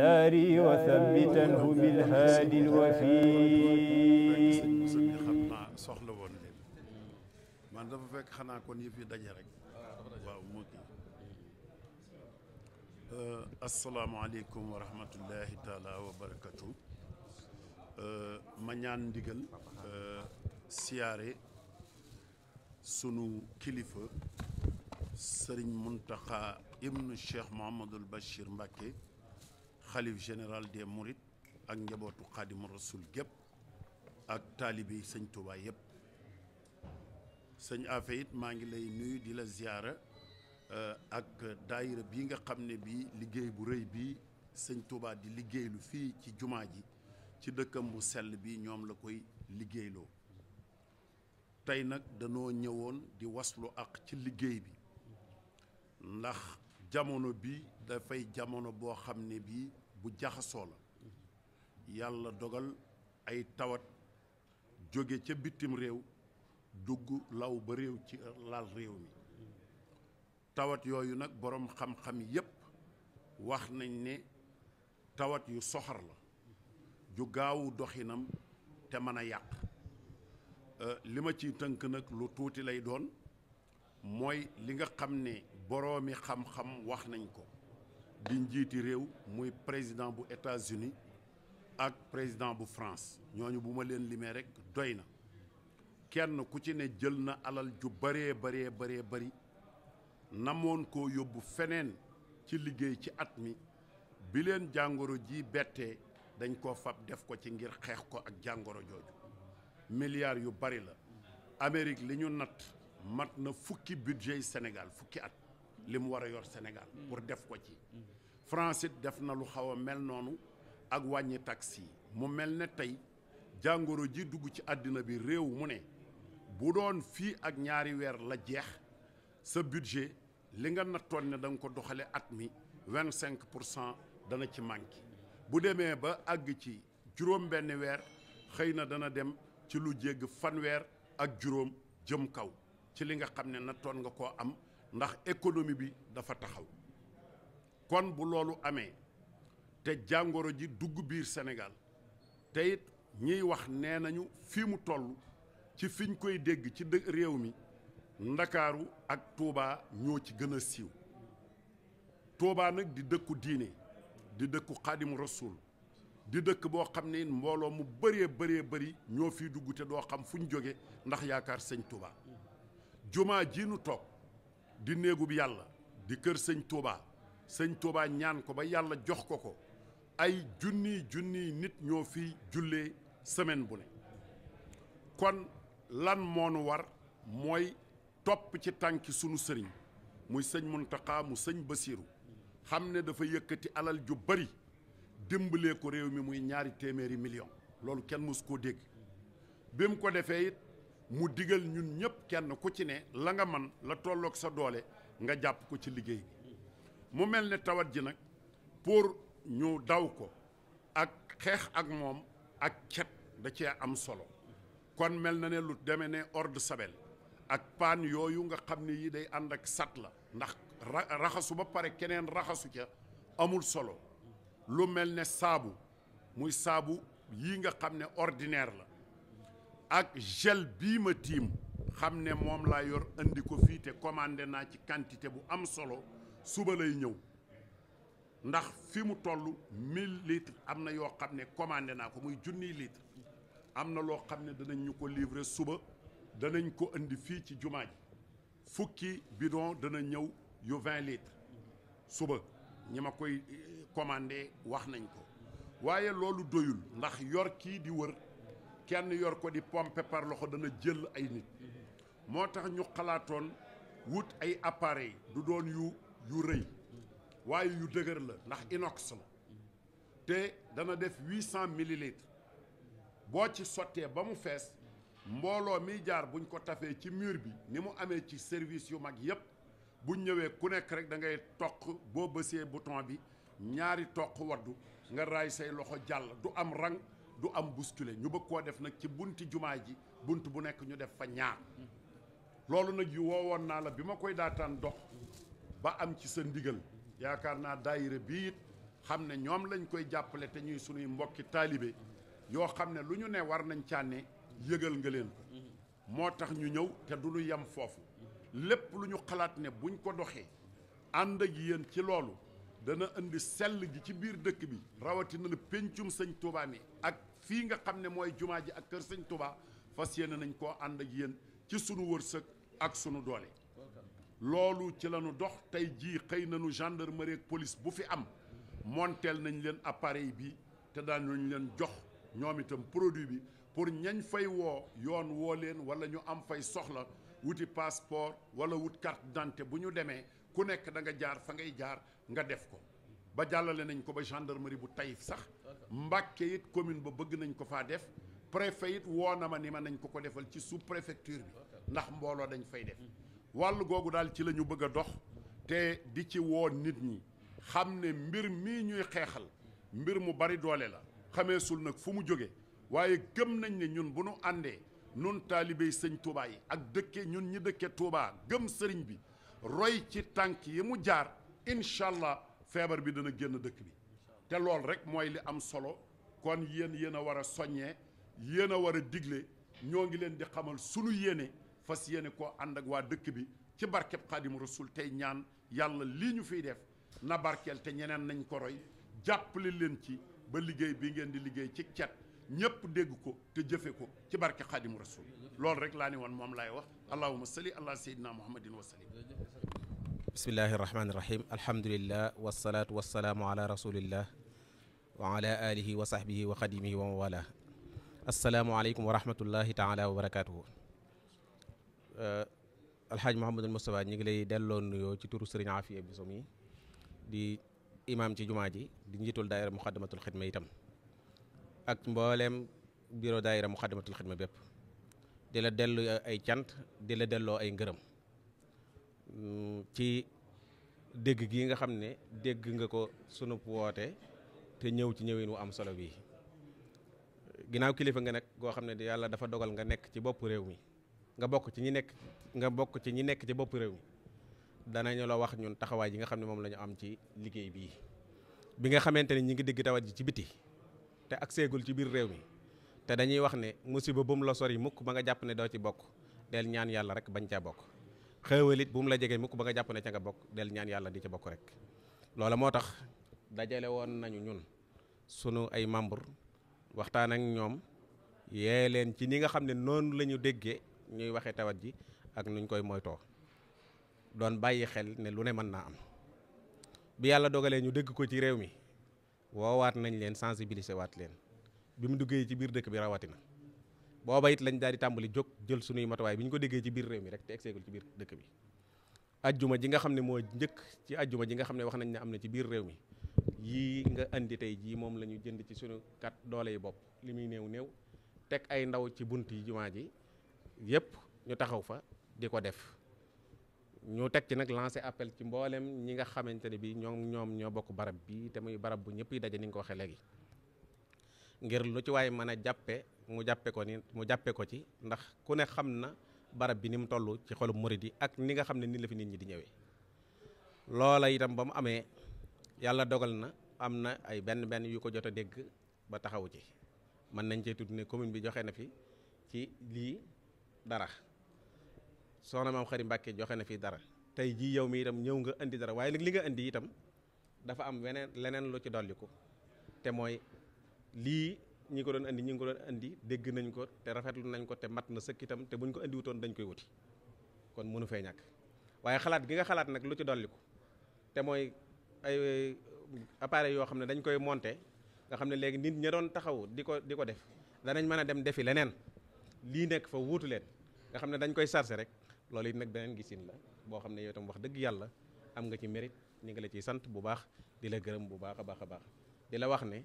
داري وثبتنه بالهادي الوفي soxla woon leen man dafa fekk xanaa kon yëf yi daje rek waaw moo kii euh, asalaamaaleykum wa rahmatullahi taala wa barakatu euh, ma ñaan ndigal euh, siyaare sunu kilifa sëriñ Muntaxa ibnu Cheikh Mouhamadul Bachir Mbacke xalif général des Mourides ak njabootu xaadimu rasul gépp ak taalibi sëñ Touba yëpp sëñ Afe maa ngi lay nuyu di la ziyaara eh, ak daayira bi nga xam ne bii liggéey bu rëy bi sëñ Touba di liggéeylu fii ci jumaa ji ci dëkkam bu sell bi ñoom la koy liggéeyloo tey nag danoo ñëwoon di waslu ak ci liggéey bi ndax jamono bi dafay jamono boo xam ne bii bu jaxasoo la yàlla dogal ay tawat jóge ca bitim réew dugg law ba réew ci laal réew mi tawat yooyu nag boroom xam-xam yépp wax nañ ne tawat yu soxar la ju gaawu doxinam te mën a yàq euh, li ma ciy tënk nag lu tuuti lay doon mooy li nga xam ne boroomi xam-xam wax nañ ko di njiiti réew muy président bu États-Unis ak président bu France ñooñu buma leen limee rek doy na kenn ku ci ne jël na alal ju bëree bëree bëree bëri namoon ko yóbbu feneen ci liggéey ci at mi bileen jàngoro ji bettee dañ ko fab def ko ci ngir xeex ko ak jàngoro jooju milliards yu bari la Amérique li ñu natt mat na fukki budget Sénégal fukki at li mu war a yor Sénégal pour def ko ci France def na lu xaw a mel noonu ak wàññi tax yi mu mel ne tey jàngoro ji dugg ci àddina bi réew mu ne bu doon fii ak ñaari weer la jeex sa budget li nga nattoon ne danga ko doxale at mi vingt cinq pour cent dana ci manqué bu demee ba àgg ci juróom benn weer xëy na dana dem ci lu jégg fanweer ak juróom jëm kaw ci li nga xam ne nattoon nga ko am ndax économie bi dafa taxaw kon bu loolu amee te jàngoro ji dugg biir senegaal te ñiy wax nee nañu fi mu toll ci fiñ koy dégg ci réew mi ndakaaru ak Touba ñoo ci gën a siiw Touba nag di dëkku diine di dëkku xaadim rasul di dëkk boo xam ne mbooloo mu bëree bëree bari ñoo fiy dugg te doo xam fu ñu jóge ndax yaakaar sëñ Touba jumaa ji nu toog di néegub yàlla di kër sëñ Touba sëñ Touba ñaan ko ba yàlla jox ko ko ay junni junni nit ñoo fi jullee semaine bu ne kon lan moonu war mooy topp ci tànki sunu sëriñ muy sëñ Muntaxa mu sëñ Basiiru xam ne dafa yëkkati alal ju bari dimbalee ko réew mi muy ñaari téeméeri million loolu kenn mës koo dégg bi mu ko defee it mu digal ñun ñëpp kenn ku ci ne la nga man la tolloog sa doole nga jàpp ko ci liggéey bi mu mel ne tawat ji nag pour ñu daw ko ak xeex ak moom ak cet da cee am solo kon mel na ne lu deme ne ordre ak paan yooyu nga xam ne yi day ànd ak sat la ndax raxasu ba pare keneen raxasu ca amul solo lu mel ne saabu muy saabu yi nga xam ne ordinaire la ak gel bii ma tiim xam ne moom laa yor indi ko fii te commandé naa ci quantité bu am solo suba lay ñëw ndax fi mu toll mille litres am na yoo xam ne commandé naa ko muy junni litres am na loo xam ne danañ ñu ko livrer suba danañ ko indi fii ci jumaa ji fukki bidon dana ñëw yu vingt litres suba ñi ma koy eh, commandé wax nañ ko waaye loolu doyul ndax yor kii di wër kenn yor ko di pompe par loxo dana jël ay nit moo tax ñu xalaatoon wut ay appareil du doon yu yu rëy waaye yu dëgër la ndax inox la te dana def huit cent millilitres boo ci sottee ba mu fees mbooloo miy jaar buñ ko tafee ci mur bi ni mu amee ci service yu mag yépp bu ñëwee ku nekk rek da ngay toq boo bësee bouton bi ñaari toq waddu nga raay say loxo jàll du am rang du am bustule ñu bëgg koo def nag ci bunti jumaa ji bunt bu nekk ñu def fa ñaar loolu nag yu woon naa la bi ma koy daataan dox ba am ci sa ndigal yaakaar naa daayira bii it xam ne ñoom lañ koy jàppale te ñuy sunuy mbokki taalibe yoo xam ne lu ñu ne war nañ cànne yëgal nga leen ko moo tax ñu ñëw te du ñu yem foofu lépp lu ñu xalaat ne buñ ko doxee ànd ak yéen ci loolu dana indi sell gi ci biir dëkk bi rawatina na péncum sëñ Tuubaa mi ak fii nga xam ne mooy jumaa ji ak kër sëñ Touba fas yéene nañ ko ànd ak yéen ci sunu wërsëg ak sunu doole. loolu ci la dox tey jii xëy na nu gendarmerie ak police bu fi am monteel nañ leen appareil bi te daañu leen jox ñoom itam produit bi pour ñañ fay woo yoon woo leen wala ñu am fay soxla wuti passeport wala wutkat carte bu ñu demee ku nekk da nga jaar fa ngay jaar nga def ko. ba jàllale nañ ko ba gendarmerie bu Taïf sax Mbàkke it commune ba bëgg nañ ko faa def préfet it woo na ma ni ma nañ ko ko defal ci sous préfecture bi ndax mbooloo dañ fay def wàll googu daal ci la ñu bëgg a dox te di ci woo nit ñi xam ne mbir mii ñuy xeexal mbir mu bari doole la xameesul nag fu mu jóge waaye gëm nañ ne ñun bu nu àndee nun taalibey sëñ Touba yi ak dëkke ñun ñi dëkke Touba gëm sëriñ bi roy ci tànk yi mu jaar incha allah feebar bi dana génn dëkk bi te lool rek mooy li am solo kon yéen yéen a war a soññee yéen a war a digle ñoo ngi leen di xamal sunu yéene fas yéene koo ànd ak waa dëkk bi ci barkeb xaadim rasul tey ñaan yàlla lii ñu fiy def na barkeel te ñeneen nañ ko roy jàppale leen ci ba liggéey bi ngeen di liggéey ci cet ñëpp dégg ko te jëfe ko ci barke xaadim rasul loolu rek laa ne woon moom laay wax allahuma salli ala sayyidina muhammadin wa sallim bismillahi irrahmani irrahim alhamdulilah wasalaatu wasalaamu ala rasulillah wa ala alihi wa sahbihi wa xadimihi wa mawala asalaamualeykum wa rahmatullahi taala wa barakatuhu uh, alhaaj Mouhamadul Moustapha ñi ngi lay delloo nuyoo ci turu sëriñ Afia Biso mi di imaam ci jumaa ji di njiitul daayira muxaddamatul xidma itam ak mbooleem bureau daayira muxaddamatul xidma bépp di la dellu ay cant di la delloo ay ngërëm ci dégg gii nga xam ne dégg nga ko sunu woote te ñëw ci ñëwin wu am solo bii ginnaaw kilifa nga nag goo xam ne yàlla dafa dogal nga nekk ci bopp réew mi nga bokk ci ñi nekk nga bokk ci ñi nekk ci bopp réew mi danañu la wax ñun taxawaay yi nga xam ne moom lañu am ci liggéey bii bi nga xamante ni ñu ngi dégg tawat ji ci biti te ak seegul ci biir réew mi te dañuy wax ne musiba bu mu la sori mukk ba nga jàpp ne doo ci bokk del ñaan yàlla rek bañ caa bokk xéewal it bu mu la jege mukk ba nga jàpp ne ca nga bokk del ñaan yàlla di ca bokk rek loola moo tax dajale woon nañu ñun sunu ay membre waxtaan ak ñoom yee leen ci ni nga xam ne noonu lañu déggee ñuy waxee tawat ji ak nuñ koy moytoo doon bàyyi xel ne lu ne mën naa am bi yàlla dogalee ñu dégg ko ci réew mi woowaat nañ leen sensibiliser waat leen bi mu duggee ci biir dëkk bi rawatina booba it lañ daal di tàmbali jóg jël sunuy matuwaay bi ñu ko déggee ci biir réew mi rek te egseegul ci biir dëkk bi ajjuma ji nga xam ne moo njëkk ci ajjuma ji nga xam ne wax nañ ne am na ci biir réew mi yi nga andi tey jii moom la ñu jënd ci sunu kat doole yi bopp li muy néew néew teg ay ndaw ci bunt yi jumaa ji yëpp ñu taxaw fa di ko def ñu teg ci nag lancé appel ci mboolem ñi nga xamante ne bi ñoom ñoom ñoo bokk barab bi te muy barab bu ñëpp yi daje ni ko waxee léegi ngir lu ci waay mën a jàppe mu jàppe ko ni mu jàppe ko ci ndax ku ne xam na barab bi ni mu toll ci xolum murid ak ni nga xam ne ni la fi nit ñi di ñëwee loola itam ba mu amee yàlla dogal na am na ay benn benn yu ko jot a dégg ba taxawu ci mën nañ cee tudd ne commune bi joxe na fi ci lii dara soo soxna maam Xari Mbàkke joxe na fi dara tey jii yow mi itam ñëw nga indi dara waaye nag li nga indi itam dafa am weneen leneen lu ci dolliku te mooy lii ñi ko doon indi ñi ngi ko doon indi dégg nañ ko te rafetlu nañ ko te mat na sëkk itam te buñ ko andi dañ koy wuti kon mënu fee ñàkk waaye xalaat gi nga xalaat nag lu ci dolliku te mooy ay appareil yoo xam ne dañ koy monté nga xam ne léegi nit ña doon taxaw di ko di ko def danañ mën a dem defi leneen lii nekk fa wuutu leen nga xam ne dañ koy chargé rek loolu it nag beneen gisin la boo xam ne yow itam wax dëgg yàlla am nga ci mérite ñu ngi la ciy sant bu baax di la gërëm bu baax a baax a baax di la wax ne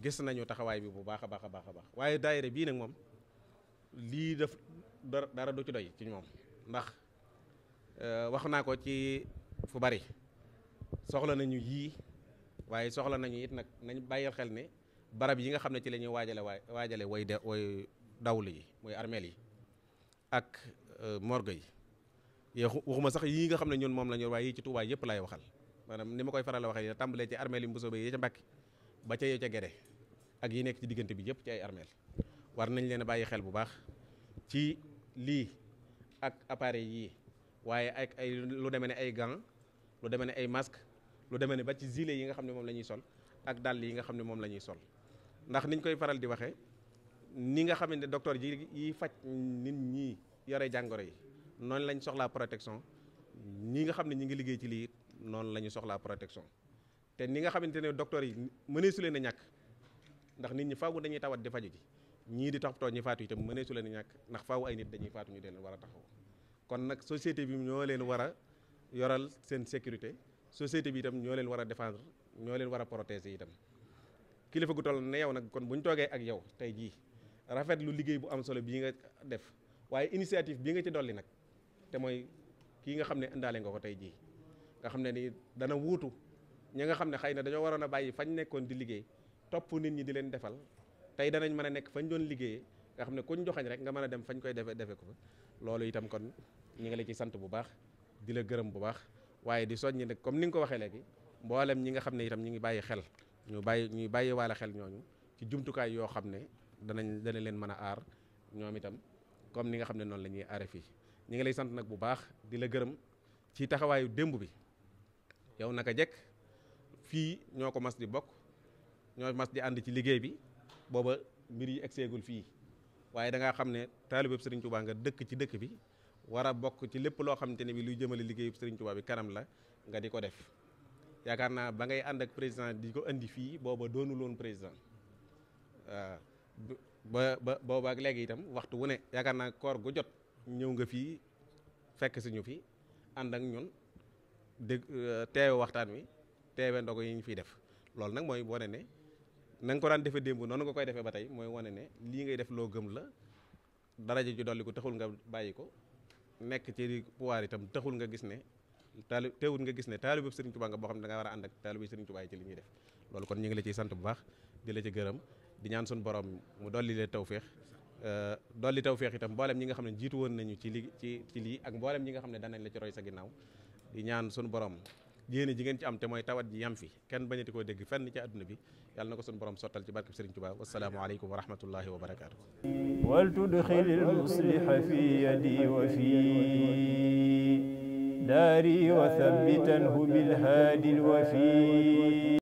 gis nañu taxawaay bi bu baax a baax a baax a baax waaye daayira bii nag moom lii def dara du ci doy ci moom ndax euh, wax naa ko ci fu bari soxla nañu yii waaye soxla nañu it nag nañ bàyyil xel ni barab yi nga xam ne ci la ñuy waajale waay waajale way de way dawlu yi mooy armeel yi ak euh, morgue yi yee waxuma sax yii nga xam ne ñun moom la ñu waaye yii ci Tuubaa yëpp laay waxal maanaam ni ma koy faral a waxee tàmbalee ci armeel yi Mbusoobe yi ca Mbàkke ba ca yo ca gere ak yi nekk ci diggante bi yëpp ci ay armeel war nañ leen bàyyi xel bu baax ci lii ak appareil yii waaye ak ay lu demee ne ay gants lu demee ne ay masque lu demee ne ba ci gilet yi nga xam ne moom la ñuy sol ak dàll yi nga xam ne moom la ñuy sol ndax niñ koy faral di waxee ni nga xamante ne docteur ji yi faj nit ñi yore jàngoro yi noonu lañ soxlaa protection ñi nga xam ne ñi ngi liggéey ci lii noonu la ñu soxlaa protection te ni nga xamante ne docteur yi mëneesu leen a ñàkk ndax nit ñi faaw dañuy tawat di faju ji ñii di toppatoo ñi faatu itam mëneesu leen a ñàkk ndax faaw ay nit dañuy faatu ñu leen war a taxaw kon nag société bi ñoo leen war a yoral seen sécurité société bi itam ñoo leen war a défendre ñoo leen war a protéger itam kilifa gu toll ne yow nag kon bu ñu toogee ak yow tey jii rafet lu liggéey bu am solo bii nga def waaye initiative bii nga ci dolli nag te mooy kii nga xam ne indaale nga ko tey jii nga xam ne ni dana wuutu ñi nga xam ne xëy na dañoo waroon a bàyyi fañ nekkoon di liggéey topp nit ñi di leen defal tey danañ mën a nekk fañ doon liggéeyee nga xam ne kuñ joxañ rek nga mën a dem fañ koy defe defe ko fa loolu itam kon ñi ngi la ci sant bu baax di la gërëm bu baax waaye di soññi nag comme ni nga ko waxee léegi mboolem ñi nga xam ne itam ñu ngi bàyyi xel ñu bàyyi ñuy bàyyi waale xel ñooñu ci jumtukaay yoo xam ne danañ dana leen mën a aar ñoom itam comme ni nga xam ne noonu la ñuy aare fii ñi ngi lay sant nag bu baax di la gërëm ci taxawaayu démb bi yow naka jekk fii ñoo ko mas di bokk ñoo mas di ànd ci liggéey bi booba mbir yi egseegul fii waaye da ngaa xam ne taalibab Serigne Touba nga dëkk ci dëkk bi war a bokk ci lépp loo xamante ne bi luy jëmale liggéeyub Serigne Touba bi kanam la nga di ko def yaakaar naa ba ngay ànd ak président di ko indi fii booba doonu loon président waaw ba ba booba ak léegi itam waxtu wu ne yaakaar naa koor gu jot ñëw nga fii fekk si ñu fi ànd ak ñun dégg euh, teewe waxtaan wi teewe ndogo yi ñu fiy def loolu nag mooy wane ne na ko daan defe démb noonu nga koy defee ba tey mooy wane ne lii ngay def loo gëm la daraja ji dolli ko taxul nga bàyyi ko nekk ci pouvoir itam taxul nga gis ne taali teewul nga gis ne taalibu Sëriñ Tuubaa nga boo xam ne da war a ànd ak taalibu Sëriñ Tuubaa ci li ñuy def loolu kon ñu ngi la ciy sant bu baax di la ci gërëm di ñaan suñu borom mu dolli leen tawféex euh, dolli feex itam mboolem ñi nga xam ne jiitu woon nañu ci li ci ci lii ak mboolem nga xam ne danañ la ci roy sa ginnaaw di ñaan suñu borom yéene ji ci am te mooy tawat ji yam fi kenn bañati koo dégg fenn ci àdduna bi yàlla na ko suñu borom sottal ci barke Sëriñ Tuubaa wassalaamu aleykum wa rahmatullahi wa barakaatu wal tudxilil musliha fi yadi wa fi daari wa thabbitanhu bil haadil wafi